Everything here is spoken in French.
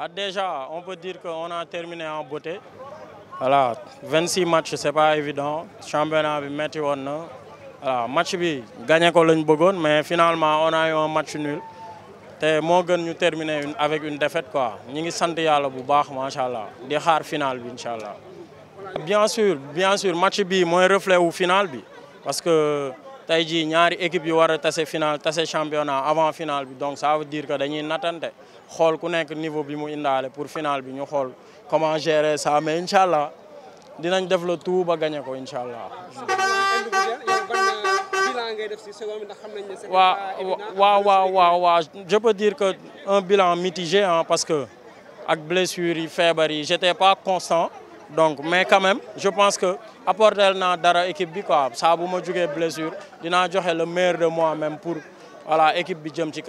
Ah, déjà, on peut dire qu'on a terminé en beauté. Voilà, 26 matchs, ce n'est pas évident. Le championnat, metti voilà, match bi gagné contre le mais finalement on a eu un match nul te nous terminé avec une défaite quoi ñi ngi sant la bu baax des finale. di bien sûr bien sûr match bi un reflet au final parce que y a ñaari équipe yu wara a final championnat avant la finale. donc ça veut dire que dañuy natante xol ku nekk niveau bi mu pour la bi ñu xol comment gérer ça mais Inch'Allah, nous dinañ def le tout ba gagner ko inshallah je peux dire que un bilan mitigé hein, parce que ak blessure yi feebar yi j'étais pas constant donc mais quand même je pense que apporter naa dara équipe bi quoi ça a beaucoup blessure je suis le meilleur de moi-même pour l'équipe équipe bi